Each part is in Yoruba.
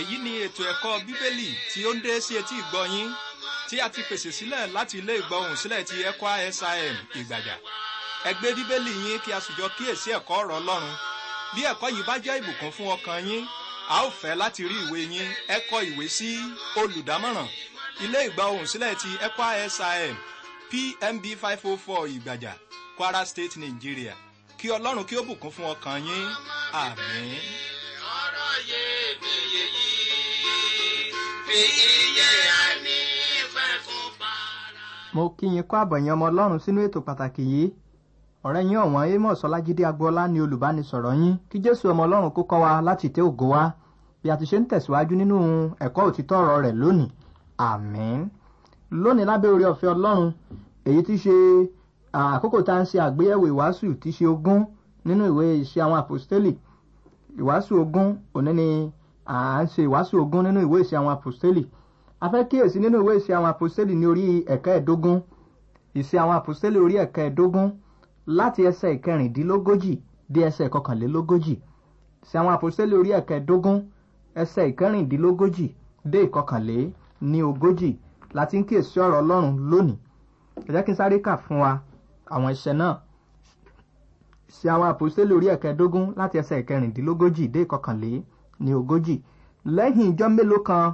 èyí ni ètò ẹ̀kọ́ bíbélì tí ó ń dé sí etí ìgbọ́ yín tí a ti pèsè sílẹ̀ láti ilé ìgbọ́hùn sílẹ̀ ti ẹ̀kọ́ sim ìgbàjà ẹ gbé bíbélì yín kí a sì jọ kíyèsí ẹ̀kọ́ ọ̀rọ̀ ọlọ́run bí ẹ̀kọ́ yìí bá jẹ́ ìbùkún fún ọkàn yín a ó fẹ́ láti rí ìwé yín ẹ kọ ìwé sí olùdámọ̀ràn ilé ìgbọ́hùn sílẹ̀ ti ẹ̀kọ́ sim pmb five oh four ìgbàjà kwara state nigeria kí ọlọ́run kí ó bùkún fún ọkàn yín àmín. ọ̀rọ̀ mo kí yín kọ́ àbọ̀ yín ọmọ ọlọ́run sínú ètò pàtàkì yìí ọ̀rẹ́ yín ọ̀wọ́n amos ọlájídé agboola ni olùbánisọ̀rọ̀ yín kí jésù ọmọ ọlọ́run kó kọ́ wa láti tẹ ògo wa bí a ti ṣe ń tẹ̀síwájú nínú ẹ̀kọ́ òtítọ́ ọ̀rọ̀ rẹ̀ lónìí àmín lónìí lábẹ́ orí ọ̀fẹ́ ọlọ́run èyí tí ṣe àkókò tá à ń ṣe àgbéyẹ̀wò ìwàásù tí ṣe ogún nínú ìwé iṣẹ́ à ń ṣe ìwàásù ogún nínú ìwé ìṣe àwọn àpòstélì a fẹ́ kíyèsí nínú ìwé ìṣe àwọn àpòstélì ní orí ẹ̀ka ẹ̀dógún ìṣe àwọn àpòstélì orí ẹ̀ka ẹ̀dógún láti ẹsẹ̀ ìkẹrìndínlógójì dé ẹsẹ̀ ìkọkànlélógójì ìṣe àwọn àpòstélì orí ẹ̀ka ẹ̀dógún ẹsẹ̀ ìkẹrìndínlógójì dé ìkọkànlé ní ogójì láti ń kíyèsí ọ̀rọ̀ ọlọ́run lónìí ẹ kí n sáré kà fún wa àwọn iṣẹ́ náà ìṣe àwọn àpòstélì orí ẹ̀ka ẹ̀dógún láti ẹsẹ̀ ìkẹrìndínlógójì dé ìkọkànlé ní ogójì lẹ́yìn ìjọ mélòó kan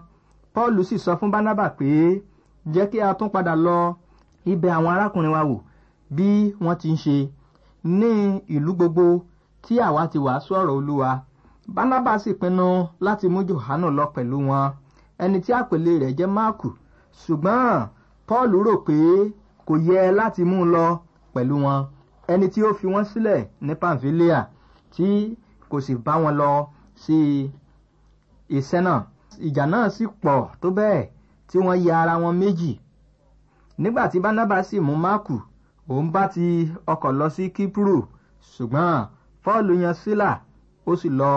paul sì sọ fún barnaba pé jẹ́ kí a tún padà lọ ibẹ̀ àwọn arákùnrin wa wò bí wọ́n ti ń ṣe ní ìlú gbogbo tí àwa ti wàásù ọ̀rọ̀ olúwa barnaba sì pinnu láti mú johanu lọ pẹ̀lú wọn ẹni tí àpèlé rẹ̀ jẹ́ máàkù ṣùgbọ́n paul rò pé kò yẹ láti mú un lọ pẹ̀lú wọn ẹni tí ó fi wọ́n sílẹ̀ ní pamphilea tí kò sì bá wọn lọ sí iṣẹ́ náà ìjà náà sì pọ̀ tó bẹ́ẹ̀ tí wọ́n ya ara wọn méjì nígbà tí bánábà sì mú máàkù òun bá ti ọkọ̀ lọ sí kípùrù ṣùgbọ́n pọ́ọ̀lù yan sílà ó sì lọ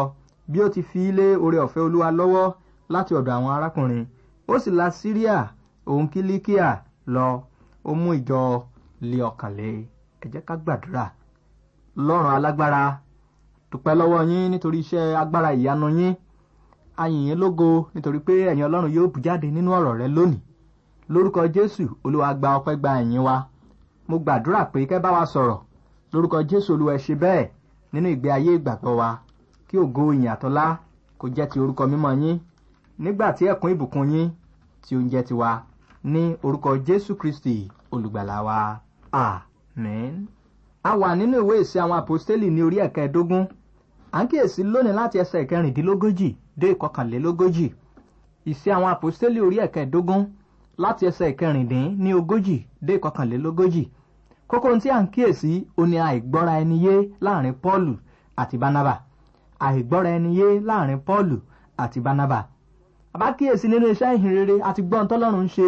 bí ó ti fi lé oore ọ̀fẹ́ olúwa lọ́wọ́ láti ọ̀dọ̀ àwọn arákùnrin ó sì la síríà òun kílíkíà lọ ó mú ìjọ lé ọkàn lé ẹ jẹ́ ká gbàdúrà lọ́rùn alágbára dúpẹ́ lọ́wọ́ yín nítorí iṣẹ́ agbára ìyanu yín ayìnyín lógo nítorí pé ẹ̀yin ọlọ́run yóò bù jáde nínú ọ̀rọ̀ rẹ lónìí lórúkọ jésù olúwa gba ọpẹ́ gba ẹ̀yìn wa mo gbàdúrà pé kẹ́ bá wa sọ̀rọ̀ lórúkọ jésù olúwa ẹ ṣe bẹ́ẹ̀ nínú ìgbé ayé ìgbàgbọ́ wa kí ògo ìyìn àtọ́lá jẹ́ ti orúkọ mímọ́ yín nígbà tí ẹ̀kún ìbùkún yín tí ó ń jẹ́ ní orúkọ jésù kristi olùgbàlà wa amen. a wà nínú ìwé ìsìn àwọn àpòstélì ní orí ẹ̀ka à ń kíyèsí lónìí láti ẹsẹ̀ ìkẹrìndínlógójì dé ìkọkànlélógójì ìṣe àwọn àpòstélì orí ẹ̀kẹẹ̀dógún láti ẹsẹ̀ ìkẹrìndín ní ogójì dé ìkọkànlélógójì kókó tí à ń kíyèsí òní àìgbọ́ra ẹni yé láàrin Pọ́ọ̀lù àti Bánábà àìgbọ́ra ẹni yé láàrin Pọ́ọ̀lù àti Bánábà àbá kíyèsí nínú iṣẹ́ ìhìnrere àti gbọ́n tọ́lọ́run ṣe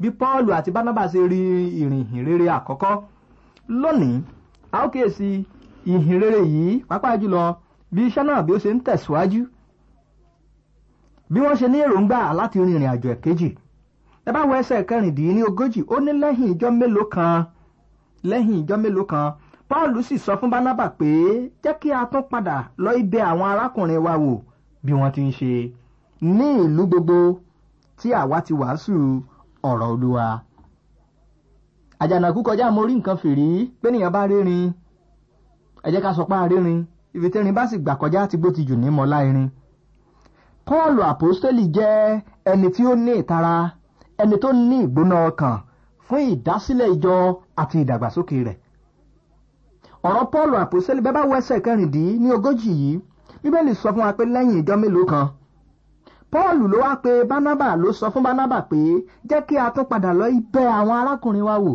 bí Pọ́ọ̀lù àti Bánábà ṣe rí ìrìn ìhìnrere àkọ́kọ́ lónìí a ó kíyèsí ìhìnrere yìí pàápàá jùlọ bí iṣẹ́ náà bí ó ṣe ń tẹ̀síwájú bí wọ́n ṣe ní èròǹgbà láti rìnrìn àjò ẹ̀kejì ẹ bá wo ẹsẹ̀ ogójì ó ní lẹ́yìn ìjọ mélòó kan lẹ́yìn ìjọ mélòó kan Pọ́ọ̀lù sì sọ fún Bánábà pé jẹ́ kí a tún lọ ibẹ̀ àwọn arákùnrin wa wò bí wọ́n ti ń ṣe ní ìlú gbogbo tí àwa ti wàásù ọ̀rọ̀ Olúwa. àjànàkú kọjá mo rí nǹkan fìrí pé nìyẹn bá ẹ jẹ́ ká sọ pé a ibi tẹ́rin bá sì gbà kọjá àti gbó ti jù ní mọ́lá irin. Pọ́ọ̀lù àpọ́stẹ́lì jẹ́ ẹni tí ó ní ìtara ẹni tó ní ìgbóná ọkàn fún ìdásílẹ̀ ìjọ àti ìdàgbàsókè rẹ̀. ọ̀rọ̀ Pọ́ọ̀lù àpọ́stẹ́lì bẹ́ẹ̀ bá wọ ẹsẹ̀ kẹrìndín ní ogójì yìí bíbélì sọ fún wa pé lẹ́yìn ìjọ mélòó kan Pọ́ọ̀lù ló wá pe Bánábà ló sọ fún Bánábà pé jẹ́ kí a tún padà lọ ibẹ̀ àwọn arákùnrin wa wò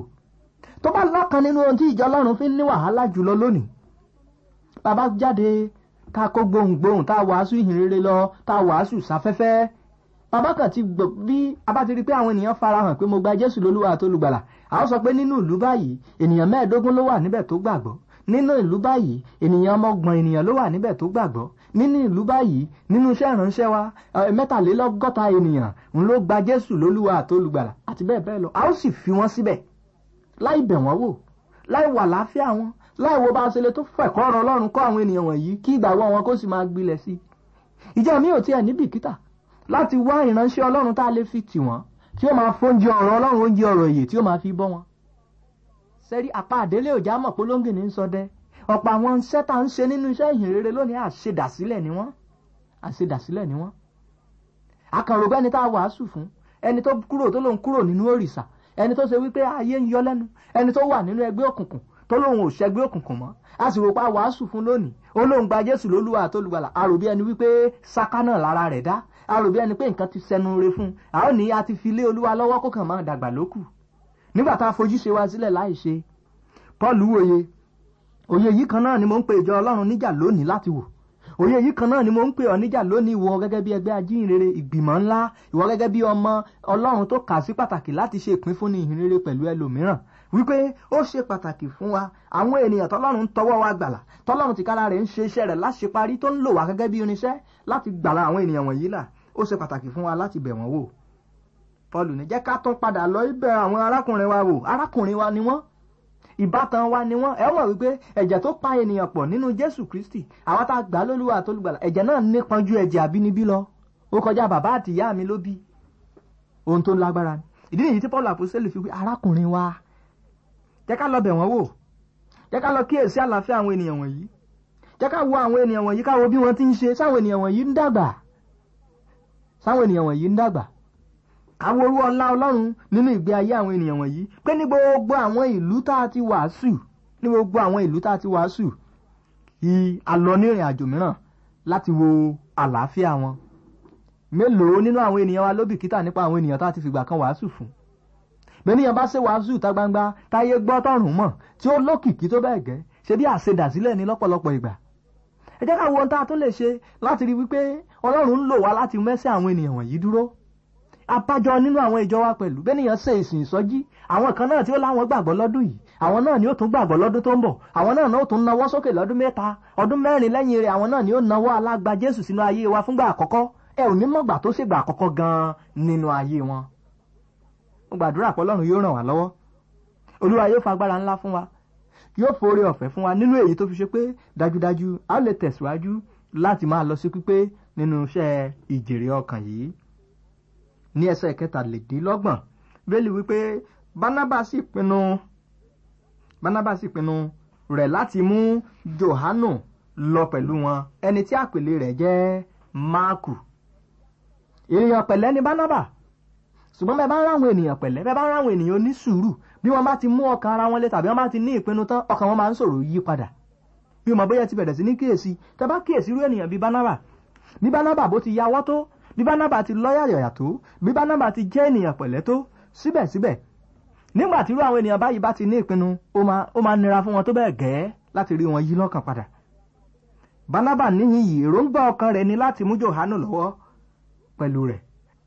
tó bá lọ́kan nínú ohun tí ìjọ Ọlọ́run fi ń ní wàhálà jùlọ lónìí bàbá jáde ta kó gbohùngbohùn ta wàásù ìhìnrere lọ ta wàásù sáfẹ́fẹ́ bàbá kan ti gbọ́ bí a bá ti rí i pé àwọn ènìyàn farahàn pé mo gba jésù lólúwa àtolùgbàlà a ó sọ pé nínú ìlú báyìí ènìyàn mẹ́ẹ̀ẹ́dógún ló wà níbẹ̀ tó gbàgbọ́ nínú ìlú báyìí ènìyàn ọmọgbọ̀n ènìyàn ló wà níbẹ̀ tó gbàgbọ́ nínú ìlú báyìí nínú iṣẹ́ ìránṣẹ́ wa mẹ́tàlélọ́gọ́ta ènìyàn ń ló gba jésù lólúwa àtolùgbàlà àti bẹ́ẹ̀ bẹ́ẹ̀ lọ a ó sì fi wọ́n síbẹ̀ láì bẹ̀ wọ́n wò láì wà láàfíà wọn láì wo bá a ṣe lè tó fẹ̀kọ́ ọ̀rọ̀ ọlọ́run kọ́ àwọn ènìyàn wọ̀nyí kí ìgbàgbọ́ wọn kó sì máa gbilẹ̀ sí i ìjẹ́ mi ò tiẹ̀ ní bìkítà láti wá ìránṣẹ́ ọlọ́run tá a lè fi tì wọ́n tí ó máa fóúnjẹ ọ̀rọ̀ ọlọ́run oúnjẹ ọ̀rọ̀ èyè tí ó máa fi bọ́ wọn. sẹ́rí apá àdélé òjá mọ̀ polóńgì ní sọdẹ ọ̀pọ̀ àwọn iṣẹ́ tá ń ṣe nínú iṣẹ́ ìhìnrere lónìí àṣedàsílẹ̀ ni wọ́n àṣedàsílẹ̀ ni ni tá a wàásù fún ẹni tó kúrò tó lòun kúrò nínú òrìṣà ẹni tó ṣe wípé ayé ń yọ lẹ́nu ẹni tọ́lọ́hún ò ṣẹgbẹ́ òkùnkùn mọ́ a sì rò pa wàásù fún lónìí olóhùn gba jésù lólúwa àtolùgbàlà àrò bí ẹni wípé saka náà lára rẹ̀ dá àrò bí ẹni pé nǹkan ti sẹnu re fún a ó ní a ti fi lé olúwa lọ́wọ́ kó kàn máa dàgbà lókù nígbà tá a fojú ṣe wa sílẹ̀ láì ṣe paul wòye òye yìí kan náà ni mo ń pe ìjọ ọlọ́run níjà lónìí láti wò òye yìí kan náà ni mo ń pè ọ níjà lónìí ìwọ gẹ́gẹ́ bí ẹgbẹ́ ajínrere ìgbìmọ̀ ńlá ìwọ gẹ́gẹ́ bí ọmọ ọlọ́run tó kà sí pàtàkì láti ṣe ìpínfúnni ìhìnrere pẹ̀lú ẹlòmíràn wípé ó ṣe pàtàkì fún wa àwọn ènìyàn tọ́lọ́run tọwọ́ wa gbàlà tọ́lọ́run tìkára rẹ̀ ń ṣe iṣẹ́ rẹ̀ láṣeparí tó ń lò wá gẹ́gẹ́ bí irinṣẹ́ láti gbàlà àwọn ènìyàn wọ̀nyí là ó ṣe pàtàkì fún wa láti bẹ̀ wọ́n wò Paul ní jẹ́ ká tún padà lọ ibẹ̀ àwọn arákùnrin wa wò arákùnrin wa ni wọ́n ìbátan wa ni wọ́n ẹ mọ̀ wípé ẹ̀jẹ̀ tó pa ènìyàn pọ̀ nínú Jésù Kristi àwa tá a gbà lólúwa àtolùgbàlà ẹ̀jẹ̀ náà nípọn ju ìdí nìyí tí Paul àpòsílẹ̀ fi wí arákùnrin wa jẹ́ ká lọ bẹ̀ wọ́n wò jẹ́ ká lọ kíyèsí àlàáfíà àwọn ènìyàn wọ̀nyí jẹ́ ká wo àwọn ènìyàn wọ̀nyí ká wo bí wọ́n ti ń ṣe sáwọn ènìyàn wọ̀nyí ń dàgbà sáwọn ènìyàn wọ̀nyí ń dàgbà ká wo orú ọlá ọlọ́run nínú ìgbé ayé àwọn ènìyàn wọ̀nyí pé ní gbogbo àwọn ìlú tá a ti wàásù ní gbogbo àwọn ìlú tá a ti wàásù kí a lọ ní ìrìn àjò mìíràn láti wo àlàáfíà wọn mélòó nínú àwọn ènìyàn wa ló nípa àwọn ènìyàn tá a ti fìgbà kan wàásù fún bẹ́ẹ̀niyàn bá ṣe wàásù ta gbangba táyé gbọ́ tọ̀rùn mọ̀ tí ó lókìkí tó bẹ́ẹ̀ gẹ́ ṣe bí àṣedàsílẹ̀ ní lọ́pọ̀lọpọ̀ ìgbà ẹ jẹ́ ká wo ohun tá a tó lè ṣe láti rí wípé ọlọ́run ń lò wá láti mẹ́sẹ̀ àwọn ènìyàn wọ̀nyí dúró abájọ nínú àwọn ìjọ wa pẹ̀lú bẹ́ẹ̀niyàn ṣe ìsìn ìsọjí àwọn kan náà tí ó láwọn gbàgbọ́ lọ́dún yìí àwọn náà ni ó tún gbàgbọ́ lọ́dún tó ń bọ̀ àwọn náà ó tún nawọ́ sókè lọ́dún mẹ́ta ọdún mẹ́rin lẹ́yìn rẹ̀ àwọn náà ni ó nawọ́ alágbá Jésù sínú ayé wa fúngbà àkọ́kọ́ ẹ ò ní mọ̀gbà tó ṣègbà àkọ́kọ́ gan-an nínú ayé wọn mo gbàdúrà pé ọlọ́run yóò ràn wá lọ́wọ́ olúwa yóò fagbára ńlá fún wa yóò foore ọ̀fẹ́ fún wa nínú èyí tó fi ṣe pé dájúdájú a lè tẹ̀síwájú láti máa lọ sí pípé nínú iṣẹ́ ìjèrè ọkàn yìí ní ẹsẹ̀ kẹtàlélọ́gbọ̀n bẹ́ẹ̀lì wípé Bánábà sì pinnu Bánábà sì rẹ̀ láti mú Jòhánù lọ pẹ̀lú wọn ẹni tí àpèlé rẹ̀ jẹ́ Máàkù èèyàn pẹ̀lẹ́ ni Bánábà ṣùgbọ́n bẹ́ẹ̀ bá ń ráwọn ènìyàn pẹ̀lẹ́ bẹ́ẹ̀ bá ń ráwọn ènìyàn ní sùúrù bí wọ́n bá ti mú ọkàn ara wọn lé tàbí wọ́n bá ti ní ìpinnu tán ọkàn wọn máa ń ṣòro yí padà bí ọmọ bóyá ti bẹ̀rẹ̀ sí ní kíyèsí tẹ bá kíyèsí irú ènìyàn bíi Bánábà bí Bánábà bó ti yawọ́ tó bí Bánábà ti lọ́yàyà tó bí Bánábà ti jẹ́ ènìyàn pẹ̀lẹ́ tó síbẹ̀síbẹ̀ nígbà tí irú àwọn ènìyàn báyìí bá ti ní ìpinnu ó máa nira fún wọn tó bẹ́ẹ̀ gẹ́ẹ́ láti rí wọn yí lọ́kàn padà Bánábà níyìn yìí èròǹgbà ọkàn rẹ̀ ni láti mú Jòhánù lọ́wọ́ pẹ̀lú rẹ̀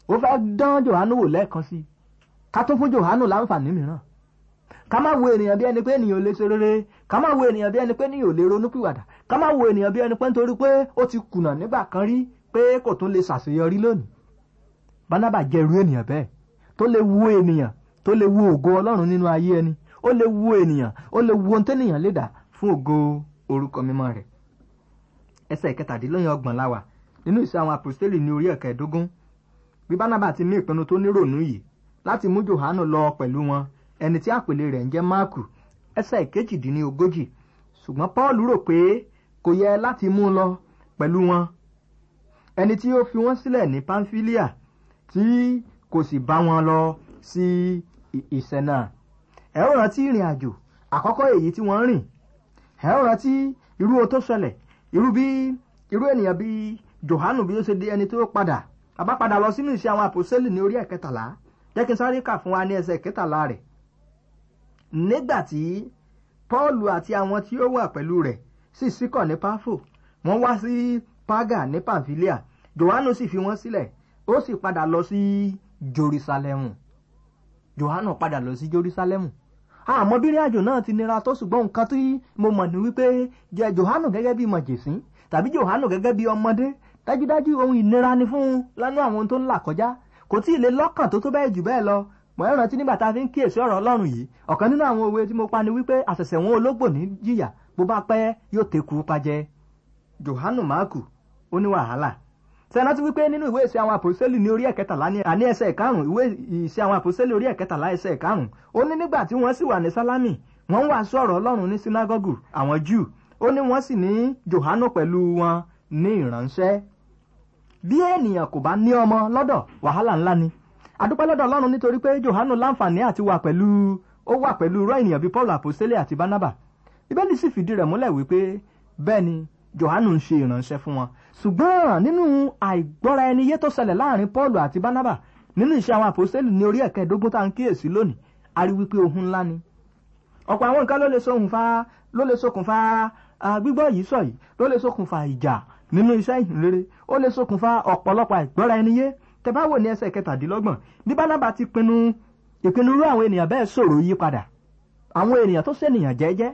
ó fẹ́ dán Jòhánù wò lẹ́ẹ̀kan sí i ká tó fún Jòhánù láǹfààní mìíràn ká má wo ènìyàn bí ẹni pé ènìyàn ò lè ṣe rere ká má wo ènìyàn bí ẹni pé ènìyàn ò lè ronúpìwàdà ká má wo ènìyàn bí ẹni pé nítorí pé ó ti kùnà nígbà kan rí pé kò tún lè ṣàṣeyọrí lónìí Bánábà jẹ́ irú ènìyàn bẹ́ẹ̀ tó lè wo ènìyàn tó lè wo ògo Ọlọ́run nínú ayé ẹni ó lè wo ènìyàn ó lè wo ntẹ́nìyàn lè dà fún ògo orúkọ mímọ́ rẹ̀ ẹsẹ̀ ìkẹtàdínlóyìn ọgbọ̀n láwà nínú ìṣe àwọn àpòstélì ní orí ẹ̀kẹ́ẹ̀dógún bí barnaba ti ní ìpinnu tó níròònú yìí láti mú johanu lọ pẹ̀lú wọn ẹni tí àpèlé rẹ̀ ń jẹ́ máàkù ẹsẹ̀ kejìdínlógójì ṣùgbọ́n paul rò pé kò yẹ láti mú un lọ pẹ̀lú wọn ẹni tí ó fi wọ́n sílẹ̀ ní pamphylia tí kò sì bá wọn lọ sí ìsẹ̀nà ẹ ó rántí ìrìn àjò àkọ́kọ́ èyí tí wọ́n rìn ẹ ó rántí irú o tó ṣẹlẹ̀ irú bí irú ènìyàn bí johanu bí ó ṣe di ẹni tó padà àbá padà lọ sínú ìṣe àwọn àpòsẹ́lì ní orí ẹ̀kẹtàlá jẹ́ kí n sáré kà fún wa ní ẹsẹ̀ ẹ̀kẹtàlá rẹ̀ nígbà tí Pọ́ọ̀lù àti àwọn tí ó wà pẹ̀lú rẹ̀ sì síkọ̀ ní Páfò wọ́n wá sí Págà ní Pàmfílíà Jòhánù sì fi wọ́n sílẹ̀ ó sì padà lọ sí Jerúsálẹ́mù Jòhánù padà lọ sí Jerúsálẹ́mù àmọ́ bí ìrìnàjò náà ti nira tó ṣùgbọ́n nǹkan tí mo mọ̀ ní wípé jẹ́ Jòhánù gẹ́gẹ́ bí màjèsín tàbí Jòhánù gẹ́gẹ́ bí ọmọdé dájúdájú ohun ìnira ni fún un lánú àwọn tó ń là kọjá kò tí ì lè lọ́kàn tó tó bẹ́ẹ̀ jù bẹ́ẹ̀ lọ mọ̀ ẹ́ rántí nígbà tá a fi ń kíyèsí ọ̀rọ̀ ọlọ́run yìí ọ̀kan nínú àwọn òwe tí mo pa ni wípé àṣẹ̀ṣẹ̀ wọn ológbò ní jìyà bó bá pẹ́ yóò tẹ́kù pajẹ Jòhánù Máàkù ó ní wàhálà sẹ́nátì wípé nínú ìwé ìṣe àwọn àpòsílẹ̀ ní orí ẹ̀kẹtàlá ní àní ẹsẹ̀ ìkarùn ìwé ìṣe àwọn àpòsílẹ̀ orí ẹ̀kẹtàlá ẹsẹ̀ ìkarùn ó ní nígbà tí wọ́n sì wà ní sálámì wọ́n ń wàásù ọ̀rọ̀ ọlọ́run ní sínágọ́gù àwọn júù ó ní wọ́n sì ní Jòhánù pẹ̀lú wọn ní ìránṣẹ́ bí ènìyàn kò bá ní ọmọ lọ́dọ̀ wàhálà ńlá ni adúpẹ́ lọ́dọ̀ ọlọ́run nítorí pé Jòhánù láǹfààní àti wà pẹ̀lú ó wà pẹ̀lú irọ́ ènìyàn bíi Paul àpòsílè àti Barnaba Bíbélì sì fìdí rẹ̀ múlẹ̀ wípé bẹ́ẹ̀ ni Jòhánù ń ṣe ìránṣẹ́ fún wọn ṣùgbọ́n nínú àìgbọ́ra ẹni yé tó ṣẹlẹ̀ láàrin Paul àti Barnaba nínú iṣẹ́ àwọn àpòsílè ní orí ẹ̀kẹ́ẹ̀dógún tá à ń kíyèsí lónìí a rí wípé ohun ńlá ni ọ̀pọ̀ àwọn nǹkan ló lè ṣokùnfà ló lè ṣokùnfà gbígbọ́ yìí sọ yìí ló lè ṣokùnfà ìjà nínú iṣẹ́ ìhìnrere ó lè ṣokùnfà ọ̀pọ̀lọpọ̀ àìgbọ́ra ẹni yé tẹ́ bá wò ní ẹsẹ̀ kẹtàdínlọ́gbọ̀n bí Bánábà ti pinnu ìpinnu irú àwọn ènìyàn bẹ́ẹ̀ ṣòro yí padà àwọn ènìyàn tó ṣènìyàn jẹ́jẹ́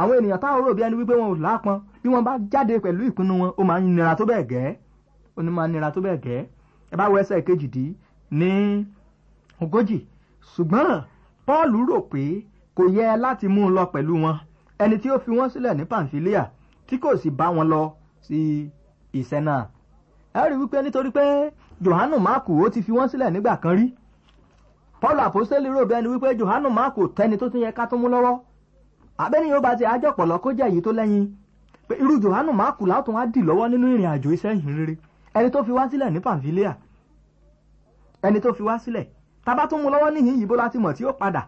àwọn ènìyàn táwọn rò bí ẹni wípé wọn ò lápọn bí wọn bá jáde pẹ̀lú ìpinnu wọn ó máa ń nira tó bẹ́ẹ̀ gẹ́ ó ní máa nira tó bẹ́ẹ̀ gẹ́ ẹ bá wo ẹsẹ̀ kejì dí ní ogójì ṣùgbọ́n Pọ́ọ̀lù rò pé kò yẹ láti mú un lọ pẹ̀lú wọn ẹni tí ó fi wọ́n sílẹ̀ ní Pàǹfílíà tí kò sì bá wọn lọ sí iṣẹ́ náà ẹ rí wípé nítorí pé Jòhánù Máàkù ó ti fi wọ́n sílẹ̀ nígbà kan rí Paul àpòsílẹ̀ rò bẹ́ẹ̀ ni wípé Jòhánù Máàkù tẹ́ni tó tún yẹ ká tún mú lọ́wọ́ abẹ́ni yóò bá ti àjọpọ̀lọ́ kó jẹ́ èyí tó lẹ́yìn pé irú Jòhánù Máàkù látún wá dì lọ́wọ́ nínú ìrìn àjò iṣẹ́ yìí rere ẹni tó fi wá sílẹ̀ ní Pàmfílíà ẹni tó fi wá sílẹ̀ tábà tún mú lọ́wọ́ níhìn yìí bó láti mọ̀ tí ó padà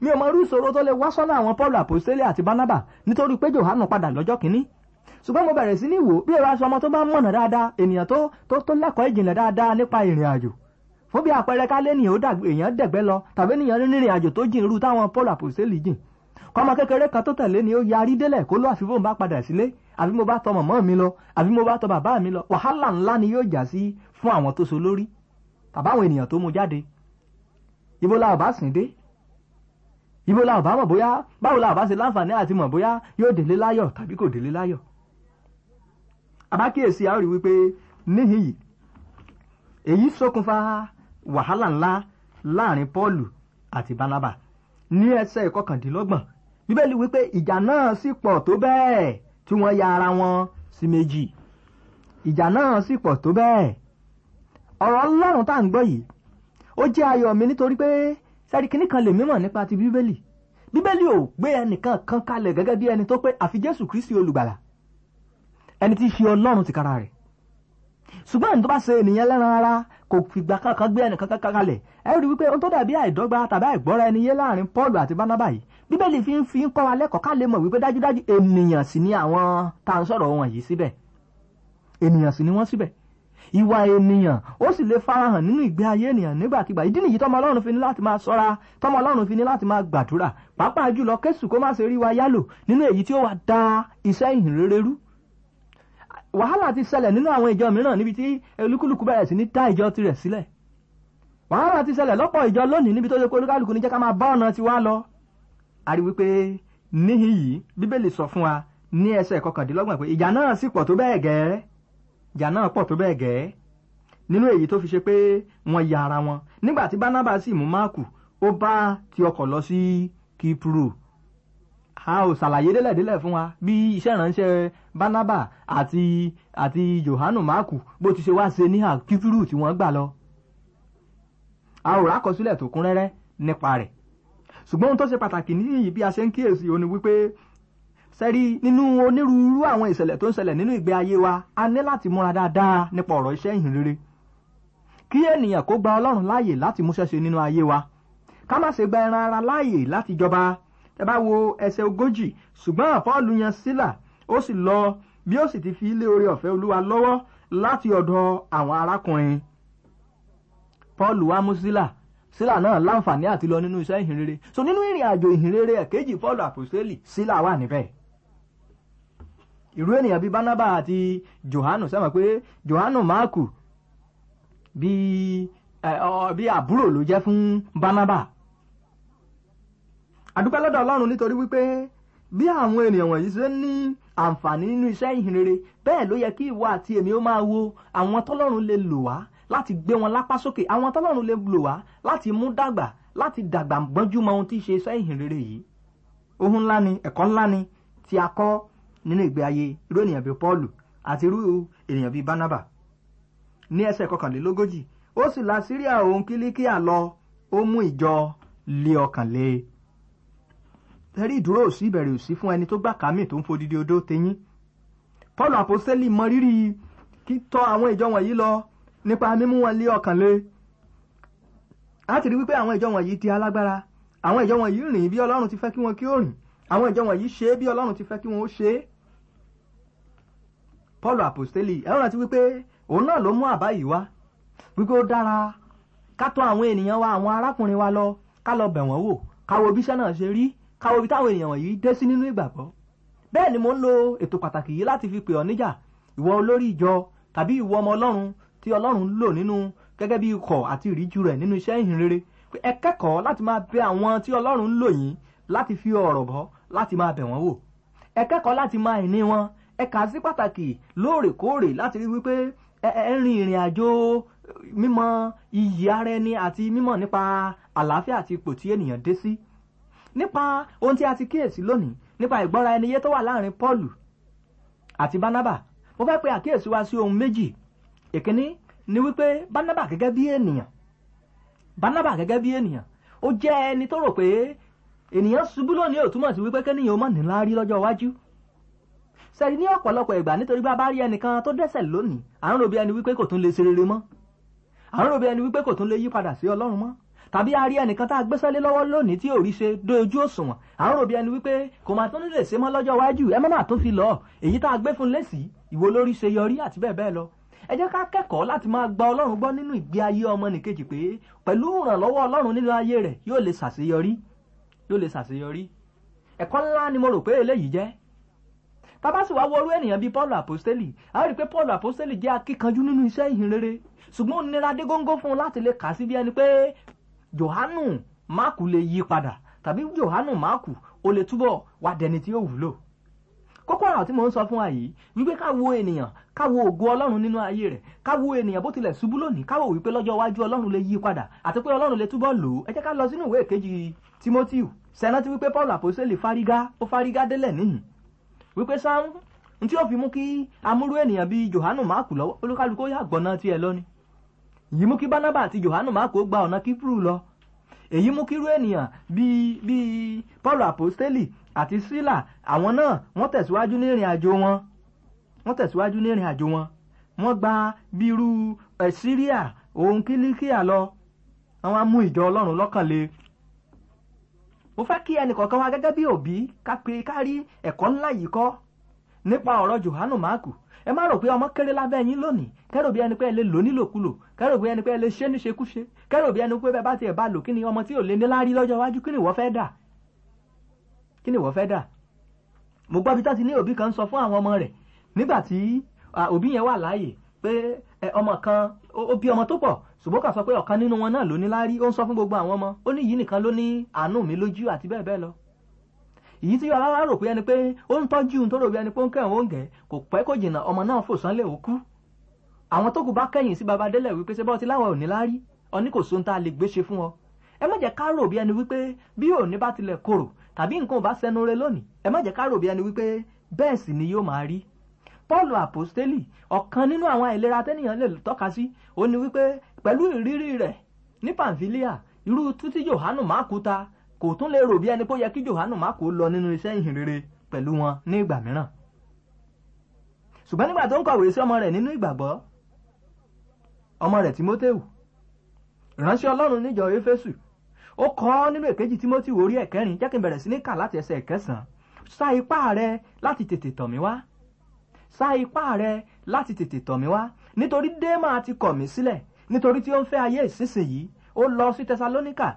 mi ò mọ irú ìṣòro tó lè wá sọ́nà àwọn Paul àpòsílẹ̀ àti Barnaba nítorí pé Jòhánù padà lọ́jọ́ kìíní ṣùgbọ́n mo bẹ̀rẹ̀ sí ní wò bí èrò aṣọ ọmọ tó bá mọ̀nà dáadáa ènìyàn tó tó tó lẹ́kọ̀ọ́ ìjìnlẹ̀ dáadáa nípa ìrìn àjò fún bí àpẹẹrẹ kálé ènìyàn ó dàgbé èèyàn dẹ̀gbẹ́ lọ tàbí ènìyàn ní ìrìn àjò tó jìn irú táwọn Paul àpòsílì jìn kọ́mọ kékeré kan tó tẹ̀lé ni ó yarí délẹ̀ kó lọ́ àfihàn bá padà sílé àbí mo bá tọ mọ̀mọ́ mi lọ àbí mo bá tọ bàbá mi lọ wàhálà ńlá ni yóò jà sí fún àwọn tó so lórí tàbí àwọn ènìyàn tó mú jáde ibo la ò bá sìn dé ibo la ò bá mọ̀ bóyá báwo la ò bá ṣe láǹfààní àti mọ̀ bóyá yóò délé láyọ̀ tàbí kò délé láyọ̀ abákíyèsí a ó rí wípé níhìn yìí èyí ṣokùnfà wàhálà ńlá láàrin Pọ́ọ̀lù àti Bánábà ní ẹsẹ̀ ìkọkàndínlọ́gbọ̀n bíbélì wípé ìjà náà sì pọ̀ tó bẹ́ẹ̀ tí wọ́n ya ara wọn sí méjì ìjà náà sì pọ̀ tó bẹ́ẹ̀ ọ̀rọ̀ Ọlọ́run tá à ń gbọ́ yìí ó jẹ́ ayọ̀ mi nítorí pé sẹ́rí kan lè mímọ̀ nípa ti bíbélì bíbélì ò gbé ẹnìkan kan kalẹ̀ gẹ́gẹ́ bí ẹni tó pé àfi Jésù Kristi olùgbàlà ẹni tí í ṣe ọlọ́run ti kára rẹ̀ ṣùgbọ́n ẹni tó bá ṣe ènìyàn lẹ́ran ara kò fìgbà kankan gbé ẹnìkan kankan kalẹ̀ ẹ rí wípé ohun tó dàbí àìdọ́gba tàbí àìgbọ́ra ẹni yé láàrin Paul àti Barnaba yìí bíbélì fi ń fi ń kọ́ wa lẹ́kọ̀ọ́ ká lè mọ̀ wípé dájúdájú ènìyàn sì ni àwọn tá à ń sọ̀rọ̀ wọn yìí síbẹ̀ ènìyàn sì ni wọ́n síbẹ̀ ìwà ènìyàn ó sì lè farahàn nínú ìgbé ayé ènìyàn nígbàkigbà ìdí nìyí tọmọ Ọlọ́run fi ní láti máa ṣọ́ra tọmọ Ọlọ́run fi ní láti máa gbàdúrà pàápàá jùlọ kẹ́sù kó má ṣe rí wa yálò nínú èyí tí ó wà dá iṣẹ́ ìhìnrere rú wàhálà ti ṣẹlẹ̀ nínú àwọn ìjọ mìíràn níbi tí olúkúlùkù bẹ̀rẹ̀ sí ní dá ìjọ tirẹ̀ sílẹ̀ wàhálà ti ṣẹlẹ̀ lọ́pọ̀ ìjọ lónìí níbi tó ṣe pé olúkálùkù ní jẹ́ ká máa bá ọ̀nà tiwa lọ. a rí wípé níhìn yìí bíbélì sọ fún wa ní ẹsẹ̀ kọkàndínlọ́gbọ̀n pé ìjà náà sì pọ̀ tó bẹ́ẹ̀ gẹ́ẹ́ ìjà náà pọ̀ tó bẹ́ẹ̀ gẹ́ẹ́ nínú èyí tó fi ṣe pé wọ́n ya ara wọn nígbà tí Bánábà sì mú Máàkù ó bá ti ọkọ̀ lọ sí Kípùrù a ò ṣàlàyé délẹ̀délẹ̀ fún wa bí iṣẹ́ ìránṣẹ́ Barnaba àti àti Johanu Máàkù bó ti ṣe wá ṣe ní àkífírù tí wọ́n gbà lọ. a ò rákọsílẹ̀ tó kún rẹ́rẹ́ nípa rẹ̀ ṣùgbọ́n ohun tó ṣe pàtàkì níyìí bí a ṣe ń kíyèsí òun ni wípé sẹ́rí nínú onírúurú àwọn ìṣẹ̀lẹ̀ tó ń ṣẹlẹ̀ nínú ìgbé ayé wa a ní láti múra dáadáa nípa ọ̀rọ̀ iṣẹ́ ìhìnrere kí ènìyàn kó gba Ọlọ́run láàyè láti múṣẹ́ ṣe nínú ayé wa ká má ṣe gba ẹran ara láàyè láti jọba tẹ́ bá wo ẹsẹ̀ ogójì ṣùgbọ́n Pọ́ọ̀lù yan sílà ó sì lọ bí ó sì ti fi ilé oore ọ̀fẹ́ olúwa lọ́wọ́ láti ọ̀dọ̀ àwọn arákùnrin Pọ́ọ̀lù wá mú sílà sílà náà láǹfààní àti lọ nínú iṣẹ́ ìhìnrere so nínú ìrìn àjò ìhìnrere ẹ̀kejì Pọ́ọ̀lù àpòsílẹ̀ sílà wà níbẹ̀ irú ènìyàn bíi Barnaba àti Johanu sẹ́wọ̀n pé Johanu Máàkù bíi àbúrò ló jẹ́ fún Barnaba àdúpẹ́ lọ́dọ̀ ọlọ́run nítorí wípé bí àwọn ènìyàn wọ̀nyí ṣe ní àǹfààní nínú iṣẹ́ ìhìnrere bẹ́ẹ̀ ló yẹ kí ìwọ àti èmi ó máa wo àwọn tọ́lọ́run lè lò wá láti gbé wọn lápá sókè àwọn tọ́lọ́run lè lò wá láti mú dàgbà láti dàgbà gbọ́njú mọ ohun tí í ṣe iṣẹ́ ìhìnrere yìí ohun ńlá ni ẹ̀kọ́ ńlá ni tí a kọ́ nínú ìgbé ayé irú ènìyàn bíi Pọ́ọ̀lù àti irú ènìyàn bíi Bánábà ní ẹsẹ̀ kọkànlélógójì ó sì la Síríà òun Kílíkíà lọ ó mú ìjọ lé ọkàn lé e rí ìdúró òsì ìbẹ̀rẹ̀ òsì fún ẹni tó gbà kámi tó ń fodidi odó tẹ̀yìn Paul àpòsẹ́lì mọ rírì títọ́ àwọn ìjọ wọ̀nyí lọ nípa mímú wọn lé ọkàn lé láti rí wípé àwọn ìjọ wọ̀nyí di alágbára àwọn ìjọ wọ̀nyí rìn bí Ọlọ́run ti fẹ́ kí wọn kí ó rìn àwọn ìjọ wọ̀nyí ṣe bí Ọlọ́run ti fẹ́ kí wọn ó ṣe é Paul àpòsẹ́lì ẹ̀rọ rántí wípé òun náà ló mú àbá yìí wá wípé ó dára ká tọ̀ àwọn ènìyàn wa àwọn arákùnrin wa lọ ká lọ bẹ̀ wọ́n wò ká wo bí iṣẹ́ náà ṣe rí káwọ́ ibi táwọn èèyàn wọ̀nyí dé sí nínú ìgbàgbọ́ bẹ́ẹ̀ ni mo ń lo ètò pàtàkì yìí láti fi pè ọ́ níjà ìwọ olórí ìjọ tàbí ìwọ ọmọ ọlọ́run tí ọlọ́run lò nínú gẹ́gẹ́ bí ikọ̀ àti ìríjú rẹ̀ nínú iṣẹ́ ìhìn rere pé ẹ kẹ́kọ̀ọ́ láti máa bẹ àwọn tí ọlọ́run lò yín láti fi ọ̀rọ̀ bọ́ láti máa bẹ̀ wọ́n wò ẹ kẹ́kọ̀ọ́ láti máa ìní wọn ẹ kà á sí pàtàkì lóòrèkóòrè láti rí wípé ẹ ń rin ìrìn àjò mímọ̀ iyì ara ẹni àti mímọ̀ nípa àlàáfíà àti ipò tí ènìyàn dé sí nípa ohun tí a ti kíyèsí lónìí nípa ìgbọ́ra ẹni yé tó wà láàrin Pọ́ọ̀lù àti Bánábà mo fẹ́ pe àkíyèsí wa sí ohun méjì ìkíní ni wípé Bánábà gẹ́gẹ́ bí ènìyàn Bánábà gẹ́gẹ́ bí ènìyàn ó jẹ́ ẹni tó rò pé ènìyàn ṣubú lónìí ò túmọ̀ sí wípé kénìyàn ó mọ̀ nílá rí lọ́jọ́ iwájú sẹ́ni ní ọ̀pọ̀lọpọ̀ ìgbà nítorí bá a bá rí ẹnìkan tó dẹ́sẹ̀ lónìí à bí ẹni wípé kò tún lè ṣe rere mọ́ à bí ẹni wípé kò tún lè yí padà sí Ọlọ́run mọ́ tàbí a rí ẹnìkan tá a gbéṣẹ́lé lọ́wọ́ lónìí tí òrí ṣe dojú òṣùwọ̀n à ń rò bí ẹni wípé kò máa tún lè ṣe mọ́ lọ́jọ́ iwájú ẹ má má tún fi lọ èyí tá a gbé fún lẹ́sì ìwo lórí ṣe yọrí àti bẹ́ẹ̀ bẹ́ẹ̀ lọ ẹ jẹ́ ká kẹ́kọ̀ọ́ láti máa gba ọlọ́run gbọ́ nínú ìgbé ayé ọmọnìkejì pé pẹ̀lú ìrànlọ́wọ́ ọlọ́run nínú ayé rẹ̀ yóò lè ṣàṣeyọrí yóò lè ẹ̀kọ́ ńlá ni mo rò pé Jòhánù máàkù lè yí padà tàbí Jòhánù máàkù ó lè túbọ̀ wá dẹni tí ó wúlò kókó ọ̀rọ̀ tí mò ń sọ fún wa yìí wípé ká wo ènìyàn ká wo ògo ọlọ́run nínú ayé rẹ̀ ká wo ènìyàn bó tilẹ̀ ṣubú lónìí ká wò wípé lọ́jọ́ iwájú ọlọ́run lè yí padà àti pé ọlọ́run lè túbọ̀ lò ó ẹ jẹ́ ká lọ sínú ìwé ìkejì Tímótíù sẹ́nà ti wípé Paul àpòsílẹ̀ fárígá ó fárígá délẹ̀ níhìn wípé sáà ń tí ó fi mú kí amúrú ènìyàn bíi Jòhánù máàkù lọ́wọ́ olúkálukú yà gbọ́ná tiẹ̀ lónìí yìí mú kí Bánábà àti Jòhánù Máàkò gba ọ̀nà Kípùrù lọ èyí mú kírú ènìyàn bíi bíi Paul apostoli àti Sílà àwọn náà wọ́n tẹ̀síwájú ní ìrìn àjò wọn wọ́n tẹ̀síwájú ní ìrìn àjò wọn wọ́n gba bírú ẹ̀ Síríà òun kílíkíà lọ àwọn amú ìjọ Ọlọ́run lọ́kànlé mo fẹ́ kí ẹnìkọ̀ọ̀kan wa gẹ́gẹ́ bí òbí ká pé ká rí ẹ̀kọ́ ńlá yìí kọ́ nípa ọ̀rọ̀ Jòhánù Máàkù ẹ má rò pé ọmọ kéré lábẹ́ yín lónìí kẹ́rò bí ẹni pé ẹ lè lò nílòkulò kẹ́rò bóyá ni pé ẹ lè ṣe níṣe kúṣe kẹ́rò bóyá ni pé bẹ́ẹ̀ bá tiẹ̀ bá lò kí ni ọmọ tí ò lè ní lárí lọ́jọ́ iwájú kí ni ìwọ fẹ́ dà kí ni ìwọ fẹ́ dà mo gbọ́ bí tá ti ní òbí kan sọ fún àwọn ọmọ rẹ̀ nígbà tí òbí yẹn wà láàyè pé ọmọ kan ó bí ọmọ tó pọ̀ ṣùgbọ́n kà sọ pé ọ̀kan nínú wọn náà ló ní lárí ó ń sọ fún gbogbo àwọn ọmọ ó ní yìí nìkan ló ní àánú mi lójú àti bẹ́ẹ̀ bẹ́ẹ̀ lọ èyí tí yọ̀ọ́ rárá pé ẹni pé ó ń tọ́jú tó rò bí ẹni pé ó ń kẹ́ òun gẹ̀ kò pẹ́ kò jìnnà ọmọ náà fò sánlẹ̀ òkú àwọn tó kù bá kẹ́yìn sí baba délẹ̀ wípé ṣé bọ́ọ̀ ti láwọn ò ní lárí ọní kò sóhun tá a lè gbé ṣe fún ọ ẹ má jẹ́ ká rò bí ẹni wípé bí òní bá tilẹ̀ korò tàbí nǹkan ò bá sẹnu re lónìí ẹ má jẹ́ ká rò bí ẹni wípé bẹ́ẹ̀ sì ni yóò máa rí Paul àpòstélì ọ̀kan nínú àwọn àìlera tẹ́nìyàn lè tọ́ka sí ó ní wípé pẹ̀lú ìrírí rẹ̀ ní Pàǹfílíà irú tútí Jòhánù Máàkù ta kò tún lè rò bí ẹni pé ó yẹ kí Jòhánù ọmọ rẹ̀ timoteu ìránṣẹ́ ọlọ́run níjọ éfésù ó kọ́ nínú èkejì timothy orí ẹ̀kẹrin jẹ́ kí n bẹ̀rẹ̀ sí ní kà láti ẹsẹ̀ ẹ̀kẹsàn-án sa ipá rẹ láti tètè tọ̀ mí wá sa ipá rẹ láti tètè tọ̀ mí wá nítorí démà ti kọ̀ mí sílẹ̀ nítorí tí ó ń fẹ́ ayé ìsinsìnyí ó lọ sí tẹsalónìkà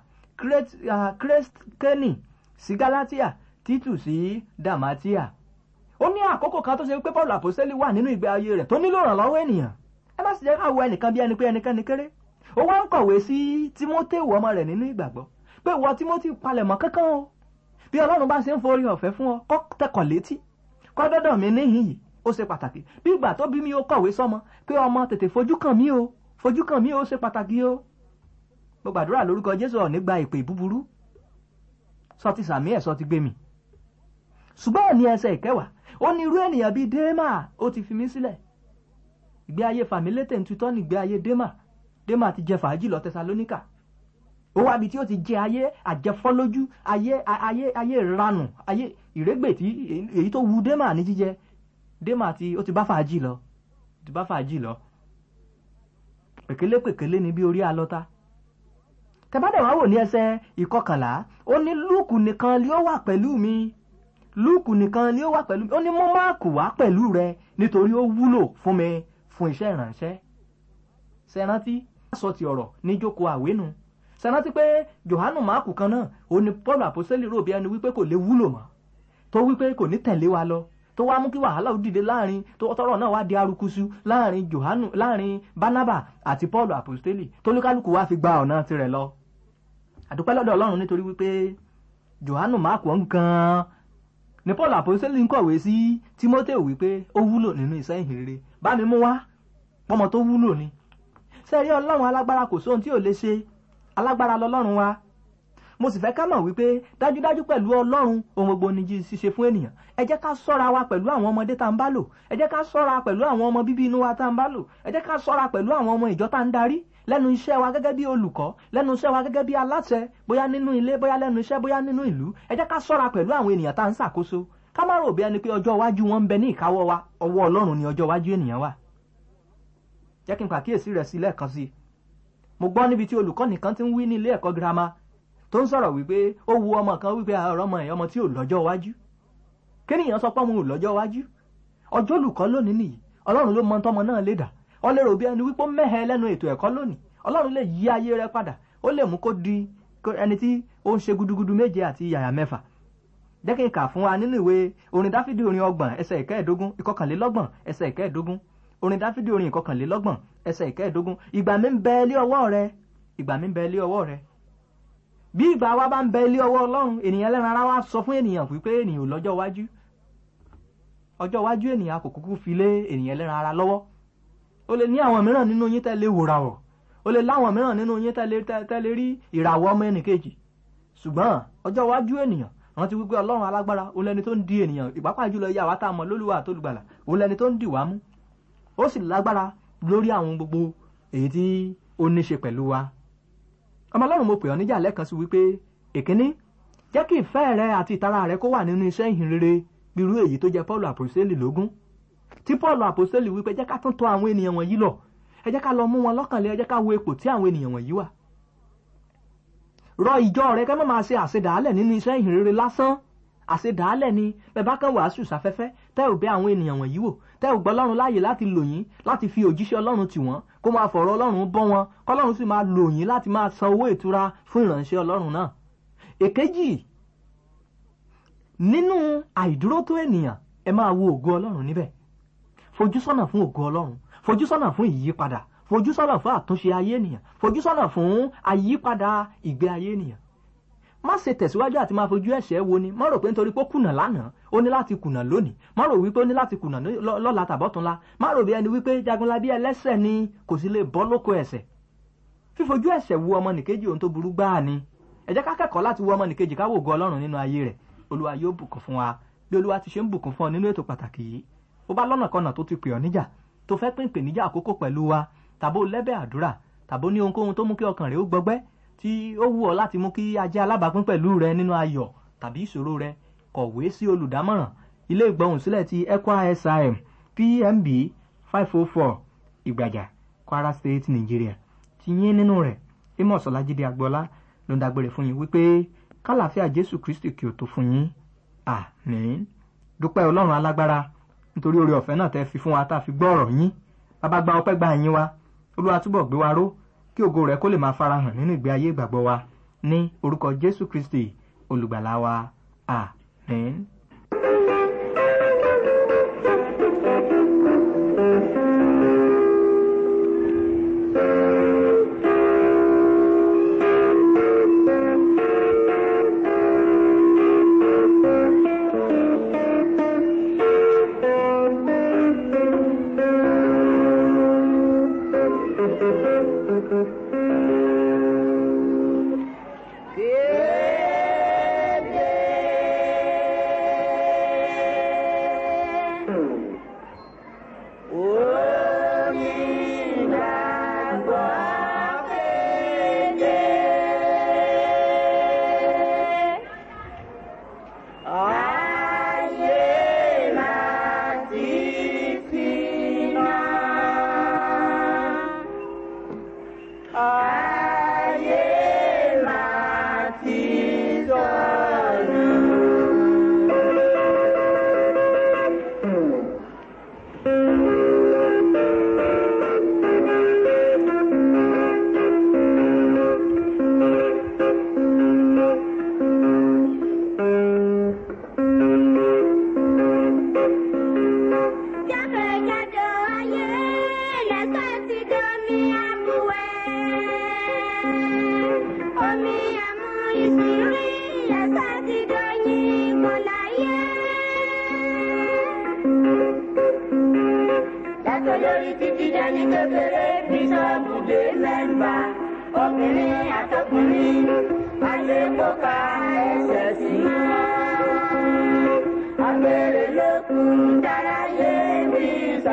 kírẹ́sìtẹ́nì sí galatia títù sí dàmátíà ó ní àkókò kan tó ṣe pé paul àpòsẹ́lì wà nínú ìgbé ayé rẹ̀ tó nílò ìrànlọ́wọ́ ènìyàn ẹ má sì jẹ́ káwọ ẹnìkan bí ẹni pé ẹnìkan ni kéré ó wá ń kọ̀wé sí Tímótèù ọmọ rẹ̀ nínú ìgbàgbọ́ pé ìwọ Tímótì palẹ̀mọ́ kankan o bí Ọlọ́run bá ṣe ń forí ọ̀fẹ́ fún ọ kọ́ tẹkọ̀ létí kọ́ dọ́dọ̀ mi níhìn yìí ó ṣe pàtàkì bí ìgbà tó bí mi ó kọ̀wé sọ́mọ pé ọmọ tètè fojú kàn mí o fojú kàn mí ó ṣe pàtàkì o mo gbàdúrà lórúkọ Jésù ọ̀ nígbà ìpè búburú sọ ti sàmí ẹ̀ sọ gbé mi ṣùgbọ́n ní ẹsẹ̀ ìkẹwàá ó ní irú ènìyàn bíi dèémà ó ti fi mí sílẹ̀ ìgbé ayé fàmílétè ń tutọ́ ní ìgbé ayé démà démà ti jẹ fàájì lọ tẹsalóníkà owó àbí tí ó ti jẹ ayé àjẹfọ́lójú ayé ayé ayé ranù ayé ìrégbè tí èyí tó wu dema ní jíjẹ dema ti ó ti bá fàájì lọ ti bá fàájì lọ pèkélé pèkélé ni bí orí alọ́ta tẹ́bádẹ̀ wá wò ní ẹsẹ̀ ìkọkànlá ó ní lúùkù nìkan ni ó wà pẹ̀lú mi lúùkù nìkan ni ó wà pẹ̀lú mi ó ní mú máàkù wá pẹ̀lú rẹ nítorí ó wúlò fún mi fún iṣẹ́ ìrànṣẹ́ ṣẹrántí sọ ti ọ̀rọ̀ ní jókòó àwénu ṣẹrántí pé Jòhánù máàkù kan náà ó ní Paul àpọ́sẹ́lì rò bí ẹni wípé kò lè wúlò mọ́ tó wípé kò ní tẹ̀lé wa lọ tó wá mú kí wàhálà ó dìde láàrin tọrọ náà wá di arukusu láàrin Jòhánù láàrin Bánábà àti Paul àpọ́sẹ́lì tólúkálùkù wá fi gba ọ̀nà tirẹ̀ lọ àdúpẹ́ lọ́dọ̀ Ọlọ́run nítorí wípé Jòhánù máàkù ọ̀ǹkan ní Paul àpọ́sẹ́lì ń kọ̀wé sí Tímótè wípé ó wúlò nínú iṣẹ́ ìhìnrere bá mi mú wá pọ́mọ tó wúlò ni sẹ́rí ọlọ́run alágbára kò sóhun tí ò lè ṣe alágbára lọ́lọ́run wa mo sì fẹ́ ká mọ̀ wípé dájúdájú pẹ̀lú ọlọ́run ohun gbogbo ni ṣíṣe fún ènìyàn ẹ jẹ́ ká ṣọ́ra wa pẹ̀lú àwọn ọmọdé tá ń bá lò ẹ jẹ́ ká ṣọ́ra pẹ̀lú àwọn ọmọ bíbí inú wa tá ń bá lò ẹ jẹ́ ká ṣọ́ra pẹ̀lú àwọn ọmọ ìjọ tá ń darí lẹ́nu iṣẹ́ wa gẹ́gẹ́ bí olùkọ́ lẹ́nu iṣẹ́ wa gẹ́gẹ́ bí aláṣẹ bóyá nínú ilé bóyá lẹ́nu iṣẹ́ bóyá nínú ìlú ẹ jẹ́ ká ṣọ́ra pẹ̀lú àwọn ènìyàn tá ń ṣàkóso ká má rò bí ẹni pé ọjọ́ iwájú wọn ń bẹ ní ìkáwọ́ wa ọwọ́ ọlọ́run ni ọjọ́ iwájú ènìyàn wà jẹ́ kí n pàkíyèsí rẹ̀ sí lẹ́ẹ̀kan sí i mo gbọ́ níbi tí olùkọ́ni kan ti ń wí ní ilé ẹ̀kọ́ girama tó ń sọ̀rọ̀ wípé ó wu ọmọ kan wípé ọ̀rọ̀ ọmọ ẹ̀ ọmọ tí ò lọ́jọ́ iwájú kéèyàn sọ pé òun ò lọ́jọ́ iwájú ọjọ́ olùkọ́ lónìí nìyí ọlọ́run ló mọ tọmọ náà lè dà ọ lérò bí ẹni wípé ó mẹ́hẹ lẹ́nu ètò ẹ̀kọ́ lónìí ọlọ́run lè yí orin dáfídì orin ìkọkànlélọ́gbọ̀n ẹsẹ̀ ìkẹẹ̀dógún ìgbà mi ń bẹ ilé ọwọ́ rẹ ìgbà mi ń bẹ ilé ọwọ́ rẹ bí ìgbà wa bá ń bẹ ilé ọwọ́ ọlọ́run ènìyàn lẹ́ran ara wa sọ fún ènìyàn wípé ènìyàn lọ́jọ́ iwájú ọjọ́ iwájú ènìyàn kò kúkú fi lé ènìyàn lẹ́ran ara lọ́wọ́ o lè ní àwọn mìíràn nínú yín tẹ́lẹ̀ wòràwọ̀ o lè láwọn mìíràn nínú yín tẹ́lẹ̀ rí ìràwọ̀ ọmọ ẹnìkejì ṣùgbọ́n ọjọ́ iwájú ènìyàn rántí wípé ọlọ́run alágbára òun lẹni tó ń di ènìyàn ìpápá jùlọ ìyá wa tá a mọ̀ lólúwa àtolùgbàlà òun lẹni tó ń dì wá mú ó sì lágbára lórí àwọn gbogbo èyí tí ó ní ṣe pẹ̀lú wa. ọmọ ọlọ́run mo pè ọ́ níjà lẹ́ẹ̀kan sí wípé èkíní jẹ́ kí ìfẹ́ rẹ àti ìtara rẹ kó wà nínú iṣẹ́ ìhìnrere irú èyí tó jẹ́ Paul àpòsílẹ̀ lógún tí Paul àpòsílẹ̀ wípé jẹ́ ká tún tọ́ àwọn ènìyàn wọ̀nyí lọ ẹ jẹ́ ká lọ mú wọn lọ́kànlẹ̀ ẹ jẹ́ ká wo ipò tí àwọn ènìyàn wọ̀nyí wà. rọ ìjọ rẹ kẹ́ má máa ṣe àṣedàálẹ̀ nínú iṣẹ́ ìhìnrere lásán àṣedàálẹ̀ ni bẹ́ẹ̀ bá kàn wàásù sáfẹ́fẹ́ tẹ́ ò bẹ̀ àwọn ènìyàn wọ̀nyí wò tẹ́ ò gbọ́ ọlọ́run láàyè láti lò yín láti fi òjíṣẹ́ ọlọ́run tì wọ́n kó máa fọ̀rọ̀ ọlọ́run bọ́ wọn kọ́lọ́run sì máa lò yín láti máa san owó ìtura fún ìrànṣẹ́ ọlọ́run náà. èkejì nínú àìdúrótó ènìyàn ẹ máa wo ògo ọlọ́run níbẹ̀ fojúsọ́nà fún ògo ọlọ́run fojúsọ́nà fún ìyípadà fojúsọ́nà fún àtúnṣe ayé ènìyàn fojúsọ́nà fún àyípadà ìgbé ayé ènìyàn má ṣe tẹ̀síwájú àti máa fojú ẹ̀ṣẹ̀ wo ni má rò pé nítorí pé ó kùnà lánàá ó ní láti kùnà lónìí má rò wípé ó ní láti kùnà lọ́la tàbọ̀túnla má rò bí ẹni wípé jagunlabi ẹlẹ́ṣẹ̀ ni kò sí lè bọ́ lóko ẹ̀ṣẹ̀ fífojú ẹ̀ṣẹ̀ wo ọmọnìkejì ohun tó burú gbáà ni ẹ jẹ́ ká kẹ́kọ̀ọ́ láti wo ọmọnìkejì ká wògo ọlọ́run nínú ayé rẹ̀ olúwa yóò bùkún fún wa bí olúwa ti ṣe ń bùkún fún ọ nínú ètò pàtàkì yìí ó bá lọ́nà kọ́nà tó ti pè ọ́ níjà tó fẹ́ pín ìpèníjà àkókò pẹ̀lú wa tàbó lẹ́bẹ̀ àdúrà tàbó ní ohunkóhun tó mú kí ọkàn rẹ̀ ó gbọgbẹ́ tí ó wù ọ láti mú kí ajẹ́ alábàápín pẹ̀lú rẹ nínú ayọ̀ tàbí ìṣòro rẹ kọ̀wé sí olùdámọ̀ràn ilé ìgbọ̀hùnsílẹ̀ ti ECWA SIM PMB five oh four ìgbàjà Kwara State Nigeria ti yín nínú rẹ̀ Amos Ọlájídé Agbọ́lá ló ń dágbére fún yín wípé kálàáfíà Jésù Kristi kí o tó fún yín àmín dúpẹ́ Ọlọ́run alágbára nítorí oore ọ̀fẹ́ náà tẹ́ fi fún wa tá a fi gbọ́ ọ̀rọ̀ yín bàbá gba ọpẹ́ gba ẹ̀yìn wa Olúwa túbọ̀ gbé wa ró kí ògo rẹ̀ kó lè máa farahàn nínú ìgbé ayé ìgbàgbọ́ wa ní orúkọ Jésù Kristi olùgbàlà wa àmín. Ah,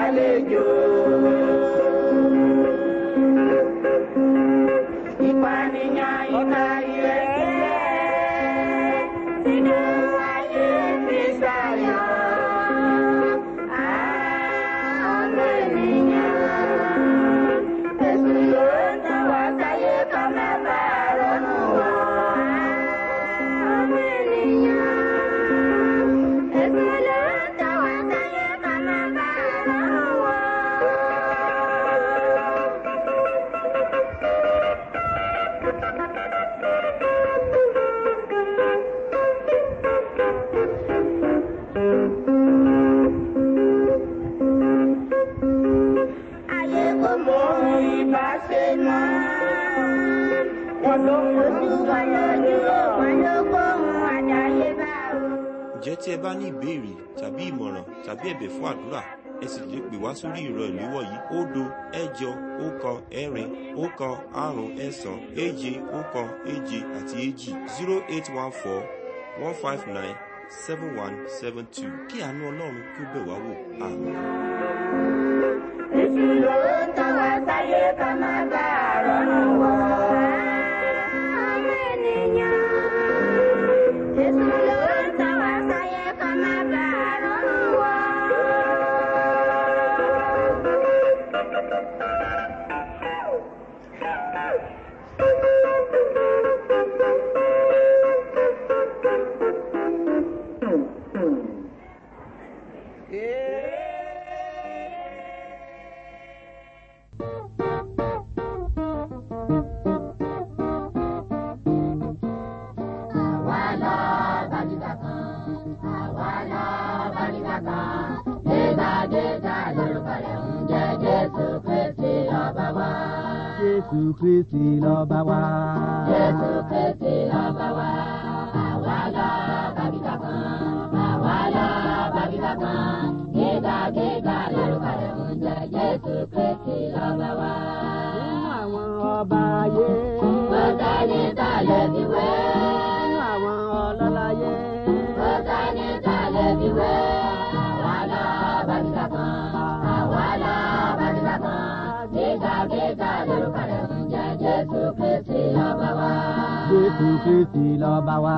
Aleluya. ǹjẹ́ tí ẹ bá ní ìbéèrè tàbí ìmọ̀ràn tàbí ẹ̀bẹ̀ fún àdúrà ẹ sì lè pè wá sórí ìrọ ìléwọ́ yìí òdo ẹ̀jọ ọ̀kan ẹ̀rin ọ̀kan àrùn ẹ̀sán èje ọ̀kan èje àti èjì zero eight one four one five nine seven one seven two kí àánú ọlọ́run kí ó bẹ̀ wá wò àmín. ń wá sáyé ká má bàa rọrùn Jésù Kristi lọ́ba wa. títí lọ́ba wa.